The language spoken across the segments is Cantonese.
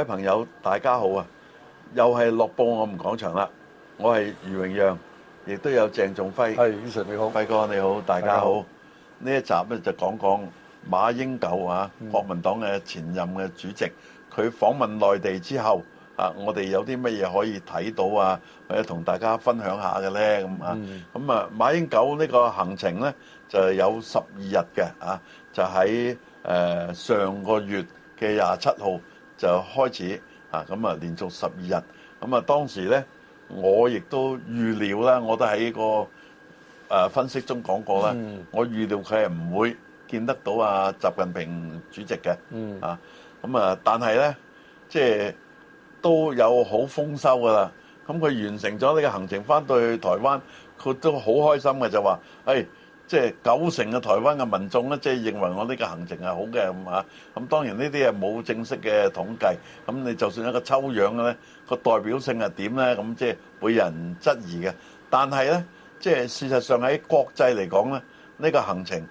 各位朋友，大家好啊！又係樂報我們講場啦。我係余榮讓，亦都有鄭仲輝。係，你好，輝哥你好，大家好。呢一集咧就講講馬英九啊，國民黨嘅前任嘅主席。佢、嗯、訪問內地之後啊，我哋有啲乜嘢可以睇到啊？或者同大家分享下嘅咧咁啊？咁、嗯、啊，馬英九呢個行程咧就有十二日嘅啊，就喺誒上個月嘅廿七號。就開始啊！咁、嗯、啊，連續十二日咁啊，當時呢，我亦都預料啦，我都喺個誒分析中講過啦，mm. 我預料佢係唔會見得到啊習近平主席嘅啊咁啊，嗯嗯嗯、但係呢，即係都有好豐收㗎喇。咁、嗯、佢完成咗呢個行程返到台灣，佢都好開心嘅，就話誒。哎即係九成嘅台灣嘅民眾咧，即係認為我呢個行程係好嘅咁啊！咁當然呢啲係冇正式嘅統計，咁你就算一個抽樣嘅咧，個代表性係點咧？咁即係會有人質疑嘅。但係咧，即係事實上喺國際嚟講咧，呢個行程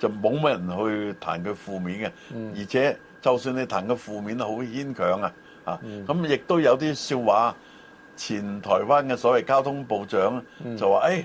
就冇乜人去談佢負面嘅，嗯、而且就算你談佢負面都好牽強啊！嗯、啊，咁亦都有啲笑話，前台灣嘅所謂交通部長就話，誒、嗯哎。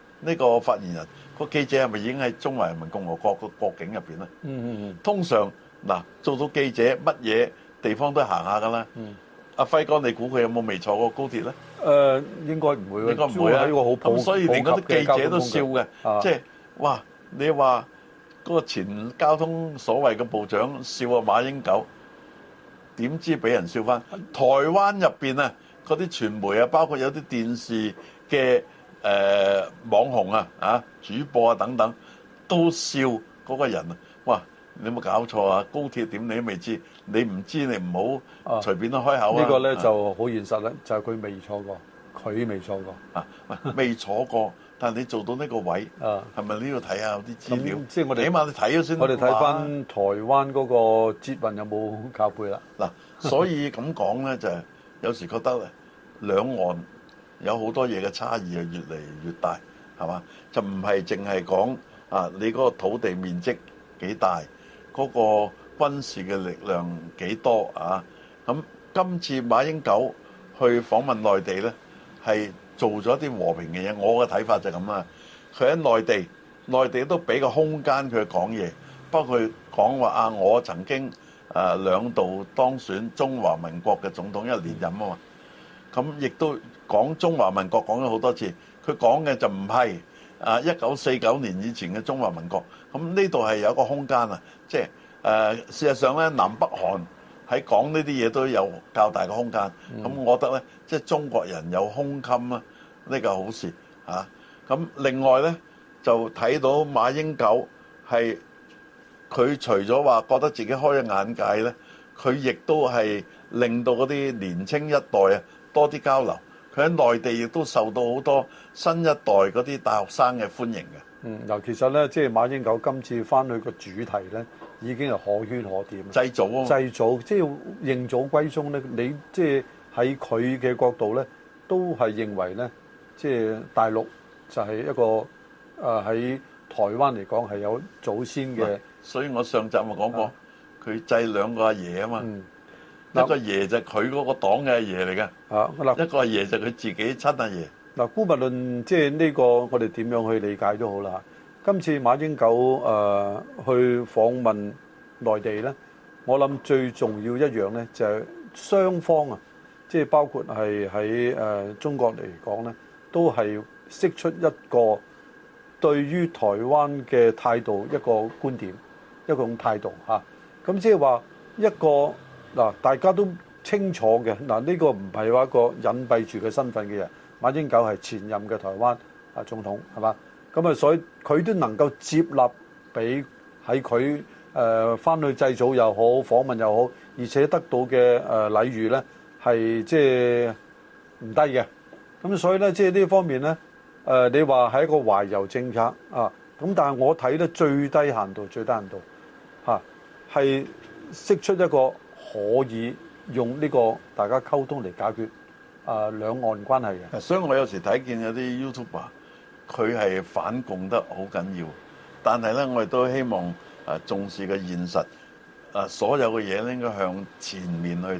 呢個發言人個記者係咪已經喺中華人民共和國個國境入邊咧？嗯嗯。通常嗱，做到記者乜嘢地方都行下噶啦。嗯。阿輝哥，你估佢有冇未坐過高鐵咧？誒，應該唔會。應該唔會啦。呢個好普通。咁所以連嗰啲記者都笑嘅，即係哇！你話嗰個前交通所謂嘅部長笑阿馬英九，點知俾人笑返？台灣入邊啊，嗰啲傳媒啊，包括有啲電視嘅。誒、呃、網紅啊，啊主播啊等等，都笑嗰個人、啊。哇！你有冇搞錯啊？高鐵點你都未知，你唔知你唔好隨便都開口啊！啊呢個、呢個咧、啊、就好現實啦，就係佢未坐過，佢未坐過啊，未坐過，啊啊、坐過 但你做到呢個位，係咪呢度睇下啊啲資料？啊、即係我哋起碼你睇咗先。我哋睇翻台灣嗰個捷運有冇靠背啦？嗱、啊，所以咁講咧， 就係有時覺得咧，兩岸。有好多嘢嘅差異係越嚟越大，係嘛？就唔係淨係講啊，你嗰個土地面積幾大，嗰、嗰個軍事嘅力量幾多啊。咁今次馬英九去訪問內地呢，係做咗啲和平嘅嘢。我嘅睇法就咁啊！佢喺內地，內地都俾個空間佢講嘢，包括講話啊，我曾經誒兩度當選中華民國嘅總統一連，一連任啊嘛。咁亦都講中華民國講咗好多次，佢講嘅就唔係啊，一九四九年以前嘅中華民國，咁呢度係有個空間啊！即係事實上呢，南北韓喺講呢啲嘢都有較大嘅空間。咁、嗯、我覺得呢，即係中國人有胸襟啊，呢個好事。咁另外呢，就睇到馬英九係佢除咗話覺得自己開咗眼界呢，佢亦都係令到嗰啲年青一代啊～多啲交流，佢喺內地亦都受到好多新一代嗰啲大學生嘅歡迎嘅。嗯，嗱，其實咧，即係馬英九今次翻去嘅主題咧，已經係可圈可點。祭祖、啊、祖，啊！祭祖，即係認祖歸宗咧。你即係喺佢嘅角度咧，都係認為咧，即係大陸就係一個誒喺、呃、台灣嚟講係有祖先嘅。所以我上集咪講過，佢、啊、祭兩個阿爺啊嘛。嗯。一個爺就佢嗰個黨嘅爺嚟嘅。吓，一個係爺就佢自己親阿爺。嗱，姑勿論即係呢個我哋點樣去理解都好啦。今次馬英九誒去訪問內地呢，我諗最重要一樣呢，就係雙方啊，即係包括係喺誒中國嚟講呢，都係釋出一個對於台灣嘅態度，一個觀點，一種態度吓。咁即係話一個。嗱，大家都清楚嘅。嗱，呢個唔係話一個隱蔽住佢身份嘅人，馬英九係前任嘅台灣啊總統，係嘛？咁啊，所以佢都能夠接納，俾喺佢誒翻去祭祖又好訪問又好，而且得到嘅誒禮遇呢係即係唔低嘅。咁所以呢，即係呢方面呢，誒、呃、你話係一個懷柔政策啊。咁但係我睇得最低限度、最低限度，嚇係釋出一個。可以用呢個大家溝通嚟解決啊兩岸關係嘅。所以，我有時睇見有啲 YouTuber 啊，佢係反共得好緊要，但係呢，我亦都希望重視個現實啊，所有嘅嘢應該向前面去睇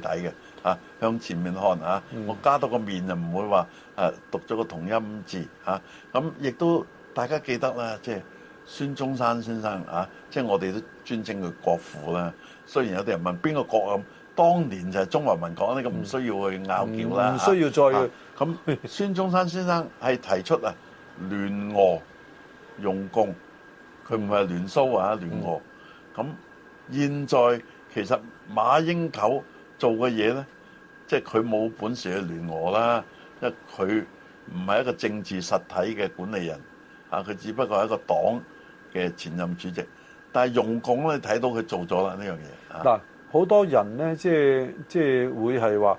嘅，向前面看、啊、我加多個面就唔會話讀咗個同音字咁、啊、亦都大家記得啦，即係孫中山先生即、啊、係我哋都尊稱佢國父啦、啊。雖然有啲人問邊個國啊，當年就係中華民國呢，咁唔需要去拗撬啦，唔需要再咁、啊。孫中山先生係提出啊 聯俄用共，佢唔係聯蘇啊，聯俄。咁、嗯、現在其實馬英九做嘅嘢呢，即係佢冇本事去聯俄啦，因為佢唔係一個政治實體嘅管理人啊，佢只不過係一個黨嘅前任主席。但係用功咧，睇到佢做咗啦呢樣嘢。嗱，好多人咧，即係即係會係話，誒、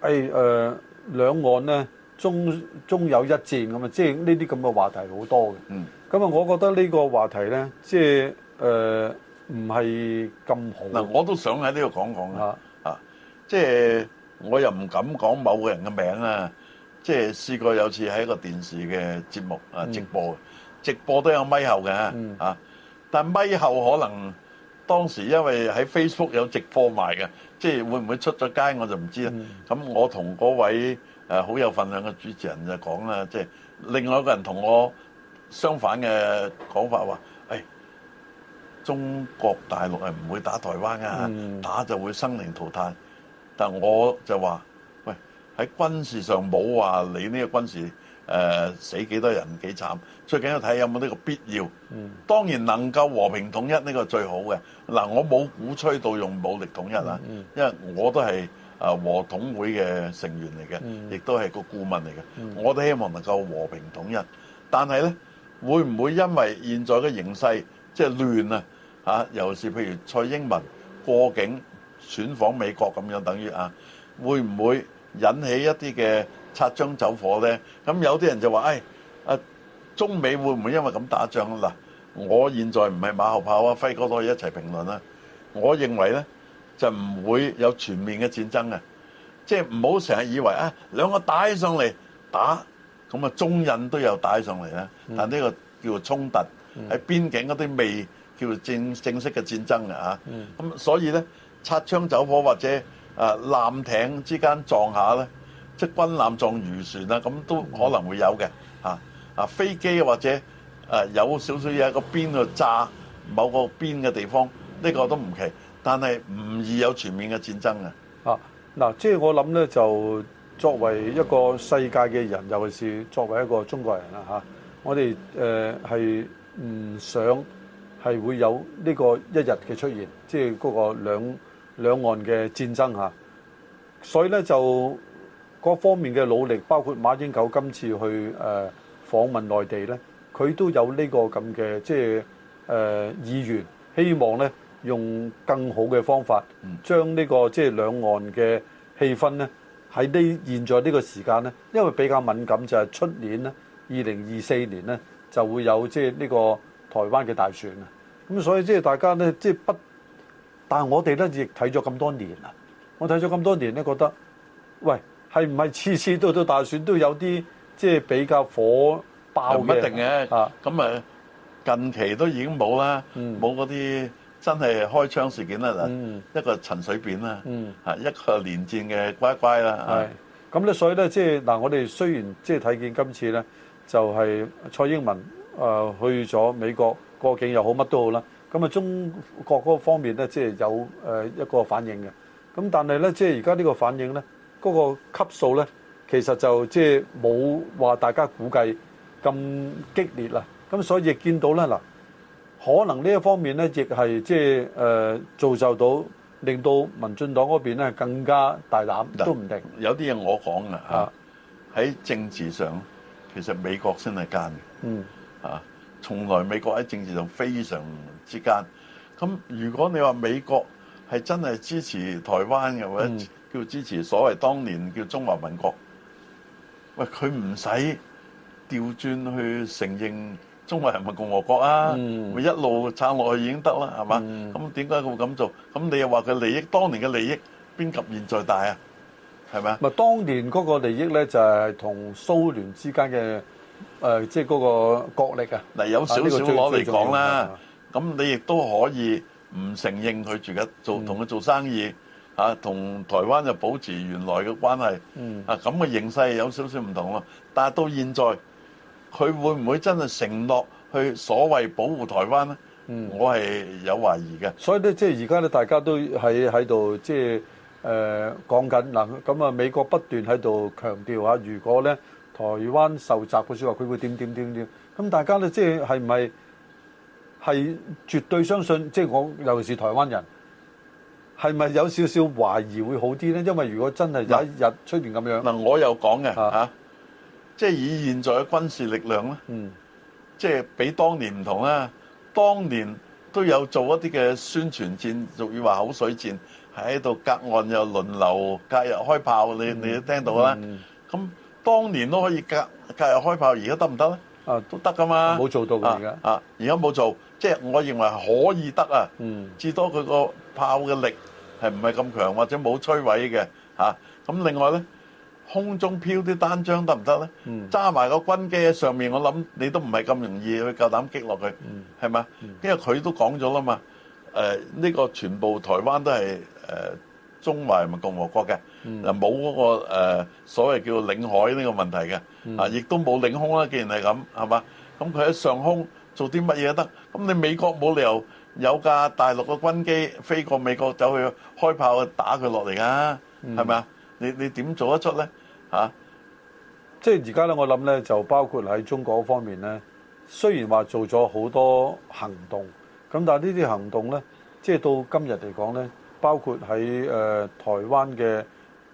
哎、誒，呃、兩岸咧，終終有一戰咁啊！即係呢啲咁嘅話題好多嘅。嗯，咁啊，我覺得呢個話題咧，即係誒，唔係咁好。嗱、嗯，我都想喺呢度講講啊，即係我又唔敢講某個人嘅名啊。即係試過有次喺一個電視嘅節目啊直播、嗯，直播都有咪後嘅、嗯、啊。但咪後可能當時因為喺 Facebook 有直播賣嘅，即係會唔會出咗街我就唔知啦。咁、嗯、我同嗰位誒好、呃、有份量嘅主持人就講啦，即係另外一個人同我相反嘅講法話，誒、哎、中國大陸係唔會打台灣啊、嗯，打就會生靈塗炭。但係我就話喂，喺軍事上冇話你呢個軍事。誒、呃、死幾多人幾慘？最緊要睇有冇呢個必要。當然能夠和平統一呢個最好嘅。嗱，我冇鼓吹到用武力統一啊，因為我都係和統會嘅成員嚟嘅，亦都係個顧問嚟嘅。我都希望能夠和平統一。但係呢，會唔會因為現在嘅形勢即係、就是、亂啊？嚇，尤其是譬如蔡英文過境選訪美國咁樣，等於啊，會唔會引起一啲嘅？擦槍走火咧，咁有啲人就話，誒，啊，中美會唔會因為咁打仗啊？嗱，我現在唔係馬後炮啊，輝哥都可以一齊評論啦。我認為咧，就唔會有全面嘅戰爭啊，即係唔好成日以為啊，兩個打起上嚟打，咁啊，中印都有打起上嚟啦。但呢個叫做衝突喺邊境嗰啲未叫正正式嘅戰爭啊嚇。咁所以咧，擦槍走火或者啊，艦艇之間撞下咧。即軍艦撞漁船啦、啊，咁都可能會有嘅嚇啊，啊！飛機或者誒、啊、有少少嘢喺個邊度炸某個邊嘅地方，呢、呢個都唔奇，但係唔易有全面嘅戰爭嘅啊！嗱、啊啊，即係我諗咧，就作為一個世界嘅人，尤其是作為一個中國人啦嚇、啊，我哋誒係唔想係會有呢個一日嘅出現，即嗰個兩兩岸嘅戰爭嚇、啊，所以咧就。各方面嘅努力，包括馬英九今次去誒訪問內地呢佢都有呢個咁嘅即係誒意願，希望呢用更好嘅方法，將呢個即係兩岸嘅氣氛呢喺呢現在呢個時間呢，因為比較敏感，就係出年呢，二零二四年呢就會有即係呢個台灣嘅大選啊，咁所以即係大家呢，即係不，但係我哋呢亦睇咗咁多年啊，我睇咗咁多年呢，覺得：喂！係唔係次次都到大選都有啲即係比較火爆嘅？唔一定嘅嚇。咁啊，近期都已經冇啦，冇嗰啲真係開槍事件啦。嗯。一個陳水扁啦。嗯。啊，一個連戰嘅乖乖啦。係。咁咧，所以咧，即係嗱，我哋雖然即係睇見今次咧，就係蔡英文啊去咗美國過境又好，乜都好啦。咁啊，中國嗰個方面咧，即係有誒一個反應嘅。咁但係咧，即係而家呢個反應咧。嗰、嗰個級數咧，其實就即係冇話大家估計咁激烈啦。咁所以亦見到咧嗱，可能呢一方面咧，亦係即係誒、呃、造就到令到民進黨嗰邊咧更加大膽都唔定。有啲嘢我講嘅吓喺、嗯、政治上，其實美國先係奸嘅。嗯啊，從來美國喺政治上非常之奸。咁如果你話美國係真係支持台灣嘅話要支持所謂當年叫中華民國，喂佢唔使調轉去承認中華人民共和國啊，咪一路撐落去已經得啦，係嘛？咁點解佢會咁做？咁你又話佢利益當年嘅利益邊及現在大啊？係咪？咪當年嗰個利益咧就係同蘇聯之間嘅誒，即係嗰個角力啊。嗱，有少少攞嚟講啦。咁你亦都可以唔承認佢住嘅做，同佢做生意。啊，同台灣就保持原來嘅關係，啊咁嘅形勢有少少唔同咯。但係到現在，佢會唔會真係承諾去所謂保護台灣呢？嗯，我係有懷疑嘅，嗯。所以咧，即係而家咧，大家都喺喺度即係誒講緊嗱，咁啊美國不斷喺度強調嚇，如果咧台灣受襲嘅説話，佢會點點點點。咁大家咧，即係係咪係絕對相信？即係我尤其是台灣人。係咪有少少懷疑會好啲咧？因為如果真係有一日出現咁樣，嗱，我又講嘅嚇，即係以現在嘅軍事力量咧，嗯，即係比當年唔同啊。當年都有做一啲嘅宣傳戰，俗語話口水戰，喺度隔岸又輪流隔日開炮，你你都聽到啦。咁當年都可以隔隔日開炮，而家得唔得咧？啊，都得噶嘛，冇做到噶而家啊，而家冇做，即係我認為可以得啊。嗯，至多佢個炮嘅力。係唔係咁強或者冇摧毀嘅嚇？咁另外咧，空中飄啲單張得唔得咧？揸埋個軍機喺上面，我諗你都唔係咁容易去夠膽擊落佢，係嘛？因為佢都講咗啦嘛，誒呢個全部台灣都係誒中華人民共和國嘅，就冇嗰個誒所謂叫領海呢個問題嘅，啊亦都冇領空啦。既然係咁，係嘛？咁佢喺上空做啲乜嘢都得，咁你美國冇理由。有架大陸嘅軍機飛過美國走去開炮打佢落嚟噶，係咪啊？你你點做得出呢？嚇、啊！即係而家呢，我諗呢就包括喺中國方面呢，雖然話做咗好多行動，咁但係呢啲行動呢，即係到今日嚟講呢，包括喺誒、呃、台灣嘅誒、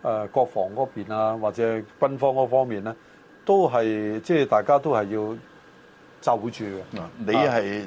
呃、國防嗰邊啊，或者軍方嗰方面呢，都係即係大家都係要就住嘅。你係。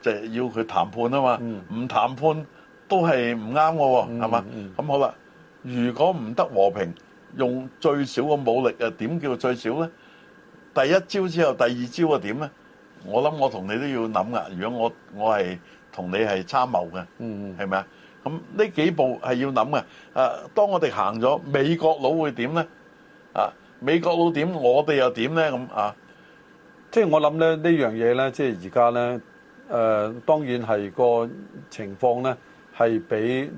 就係、要佢談判啊嘛，唔談判都係唔啱嘅，係、嗯、嘛？咁、嗯、好啦，如果唔得和平，用最少嘅武力啊，點叫最少咧？第一招之後，第二招啊點咧？我諗我同你都要諗噶，如果我我係同你係參謀嘅，係咪啊？咁呢幾步係要諗嘅、啊。啊，當我哋行咗，美國佬會點咧？啊呢，美國佬點，我哋又點咧？咁啊，即係我諗咧呢樣嘢咧，即係而家咧。誒、呃、當然係個情況咧，係比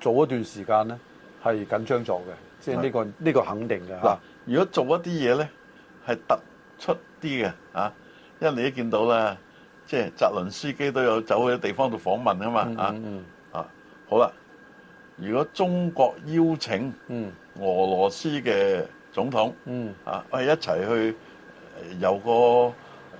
早一段時間咧係緊張咗嘅，即係呢個呢個肯定嘅。嗱，如果做一啲嘢咧係突出啲嘅啊，因為你都見到啦，即係澤倫斯基都有走去啲地方度訪問啊嘛，啊嗯嗯嗯啊好啦，如果中國邀請俄羅斯嘅總統，嗯嗯嗯啊，我哋一齊去有個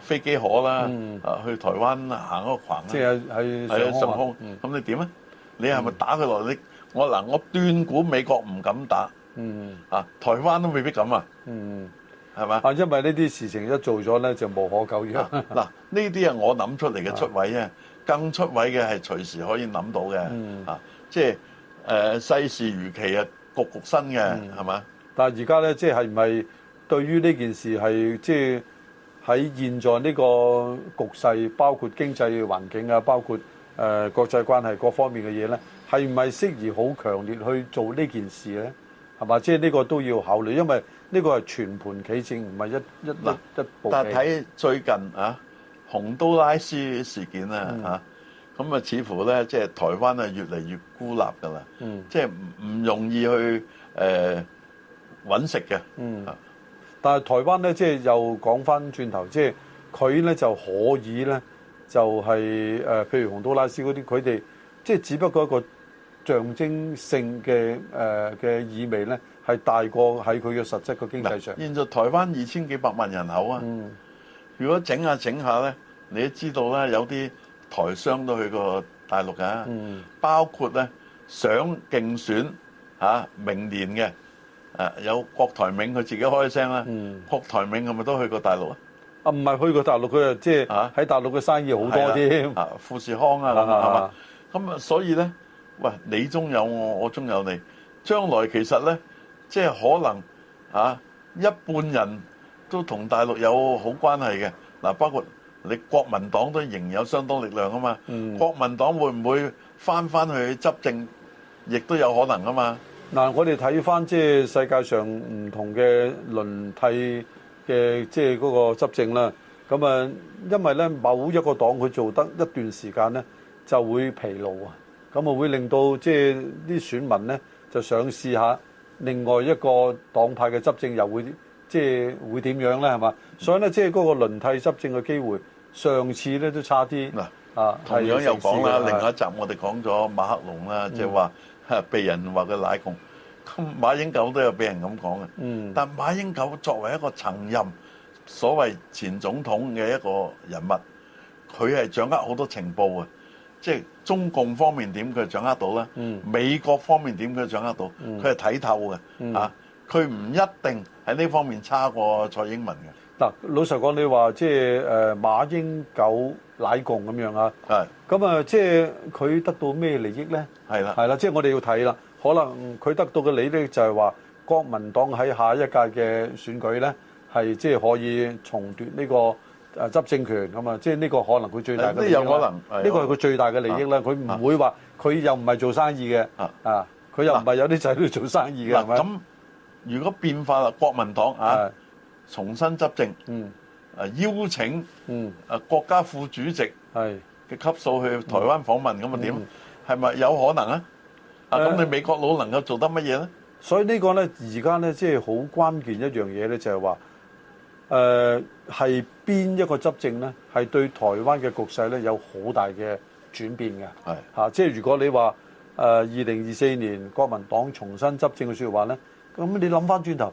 飛機可啦，啊、嗯、去台灣行啊行嗰個圈，即係喺上空，咁你點啊？啊啊嗯、你係咪打佢落嚟？我嗱，我斷估美國唔敢打，嗯、啊台灣都未必咁啊，係、嗯、咪？啊，因為呢啲事情一做咗咧，就無可救藥。嗱，呢啲係，啊我諗出嚟嘅出位啊，更出位嘅係隨時可以諗到嘅、嗯，啊，即係誒、啊、世事如棋啊，局局新嘅係咪？但係而家咧，即係唔係對於呢件事係即係？喺現在呢個局勢，包括經濟環境啊，包括誒、呃、國際關係各方面嘅嘢咧，係唔係適宜好強烈去做呢件事咧？係嘛，即係呢個都要考慮，因為呢個係全盤企正，唔係一一一步。但係睇最近嚇、啊，洪都拉斯事件、嗯、啊嚇，咁啊似乎咧即係台灣係越嚟越孤立㗎啦，即係唔唔容易去誒揾、呃、食嘅。嗯。但係台灣咧，即係又講翻轉頭，即係佢咧就可以咧，就係、是、誒、呃，譬如洪都拉斯嗰啲，佢哋即係只不過一個象徵性嘅誒嘅意味咧，係大過喺佢嘅實質嘅經濟上。現在台灣二千幾百萬人口啊，嗯、如果整一下整一下咧，你都知道啦，有啲台商都去過大陸㗎、啊嗯，包括咧想競選嚇、啊、明年嘅。誒、啊、有郭台銘佢自己開聲啦、啊嗯，郭台銘係咪都去過大陸啊？啊唔係去過大陸，佢啊即係喺大陸嘅生意好、啊啊、多啲、啊啊。富士康啊，係、啊、嘛、啊啊？咁啊，所以咧，喂，你中有我，我中有你，將來其實咧，即係可能啊，一半人都同大陸有好關係嘅。嗱，包括你國民黨都仍有相當力量啊嘛、嗯。國民黨會唔會翻翻去執政，亦都有可能啊嘛？嗱、啊，我哋睇翻即係世界上唔同嘅輪替嘅即係嗰個執政啦。咁啊，因為咧某一個黨佢做得一段時間咧，就會疲勞啊。咁啊，會令到即係啲選民咧就想試下另外一個黨派嘅執政又會即係、就是、會點樣咧？係嘛？所以咧，即係嗰個輪替執政嘅機會，上次咧都差啲嗱。啊，同樣又講啦，另外一集我哋講咗馬克龍啦，即係話。就是被人話佢奶共咁馬英九都有俾人咁講嘅。嗯，但馬英九作為一個曾任所謂前總統嘅一個人物，佢係掌握好多情報嘅，即係中共方面點佢掌握到啦。嗯，美國方面點佢掌握到，佢係睇透嘅。嗯，啊，佢唔一定喺呢方面差過蔡英文嘅。嗱，老實講，你話即係誒馬英九奶共咁樣啊？係。咁啊，即係佢得到咩利益咧？係啦，係啦，即係我哋要睇啦。可能佢得到嘅利益就係話國民黨喺下一屆嘅選舉咧，係即係可以重奪呢個誒執政權咁啊！即係呢個可能佢最大嘅利益。呢有可能，呢、呢個係佢最大嘅利益啦。佢唔會話佢又唔係做生意嘅啊，佢又唔係有啲仔女做生意嘅係咪？嗱咁，如果變化啦，國民黨啊。重新執政，啊、嗯、邀請啊國家副主席嘅級數去台灣訪問咁啊點？係咪、嗯、有可能咧、嗯？啊咁你美國佬能夠做得乜嘢咧？所以呢個呢個咧而家咧即係好關鍵一樣嘢咧，就係話誒係邊一個執政咧，係對台灣嘅局勢咧有好大嘅轉變嘅。係嚇、啊，即係如果你話誒二零二四年國民黨重新執政嘅説話咧，咁你諗翻轉頭。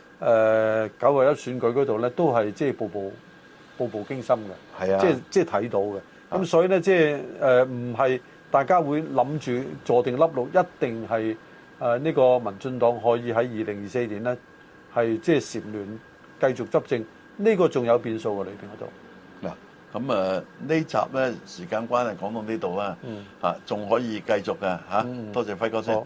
誒、uh, 九合一選舉嗰度咧，都係即係步步步步驚心嘅，即係即係睇到嘅。咁、啊、所以咧，即係唔係大家會諗住坐定粒落，一定係呢、uh, 個民進黨可以喺二零二四年咧係即係涉亂繼續執政，呢、這個仲有變數嘅裏邊嗰度。嗱、嗯，咁啊集呢集咧時間關係講到呢度啦，仲、啊、可以繼續嘅、啊、多謝輝哥先。嗯。